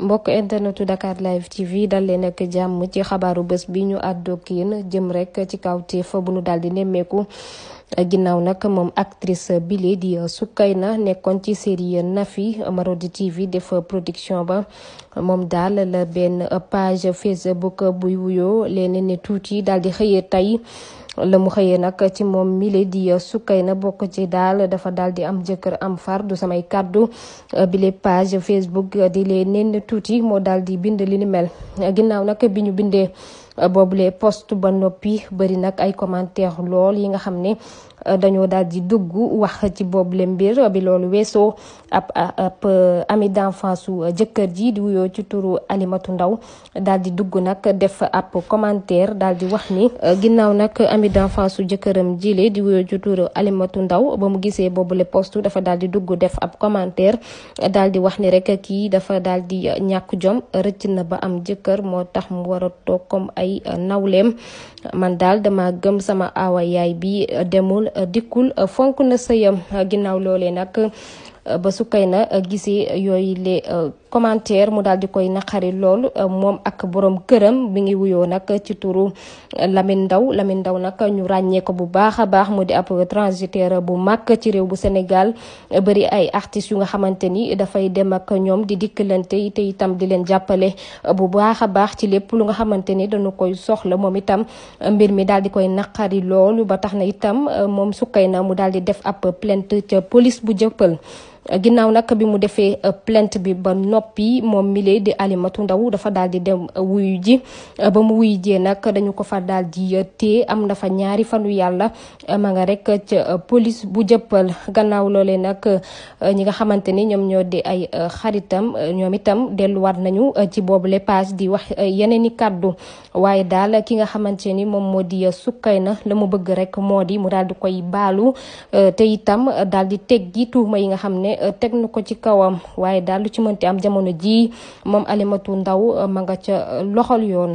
mbokk internetu Dakar live TV dal leen ak jàmm ci xabaaru bés bi ñu àddoog yéen jëm rek ci kaw kawteef bu nu daal di nemmeeku. ginnaaw nag moom actrice bile di na nekkoon ci série Nafi Marodi TV def production ba moom daal la benn page Facebook buy wuyoo leen ne tuuti daal di xëyee tey. la mu xëyee nag ci moom mile di na bokk ci daal dafa daal di am jëkkër am far du samay kàddu bile page Facebook di lee neen tuuti moo daal di bind li ni mel ginnaaw nag bi ñu bindee boobule post ba noppi bëri nag ay commentaire lool yi nga xam ne dañoo daal di wax ci boobule mbir bi loolu weesoo ab ab euh, ami d'enfance su euh, jëkkër ji di wuyoo ci turu Alimatu Ndaw daal di dugg nag def ab commentaire daal di wax ni euh, ginnaaw nag ami d'enfance su jëkkëram jile di wuyoo ci turu Alimatu Ndaw ba mu gisee boobule post dafa daal di dugg def ab commentaire daal di wax ni rek kii dafa daal di ñàkk jom rëcc na ba am jëkkër moo tax mu war toog comme ay nawleem man daal dama gëm sama aawa yaay bi demul dikkul fonk na sëyam ginnaaw loole nag Euh, ba Soukeyna euh, gisee euh, yooyu le commentaire mu daal di koy naqari lool moom ak borom këram mi ngi wuyoo nag ci turu Lamine Ndaw Lamine Ndaw nag ñu ràññee ko bu baax a baax mu di ab transitaire bu mag ci réew bu Sénégal bëri ay artistes yu nga xamante ni dafay dem ak ñoom di dikkalante te itam di leen jàppale bu baax a baax ci lépp lu nga xamante ni dañu koy soxla moom itam mbir mi daal di koy naqari loolu ba tax na itam moom Soukeyna mu daal di def ab plainte ca police bu Jëppal ginnaaw nag bi mu defee euh, plainte bi ba noppi moom mile di Alimatu Ndaw dafa daal di dem euh, wuyu ji euh, ba mu wuyu jee nag dañu ko fa daal di am na fa ñaari fanu yàlla ma nga rek ca police bu jëppal gannaaw loolee nag ñi nga xamante ni ñoom ñoo di ay xaritam ñoom itam delluwaat nañu ci boobu le di wax yeneen i kàddu waaye daal ki nga xamante ni moom moo di na la mu bëgg rek moo di mu daal di koy baalu te itam teggi tuuma yi nga xam ne Euh, teg na ko ci kawam waaye daal lu ci mënti am jamono jii moom Alimatu Ndaw euh, ma nga ca euh, loxol yoon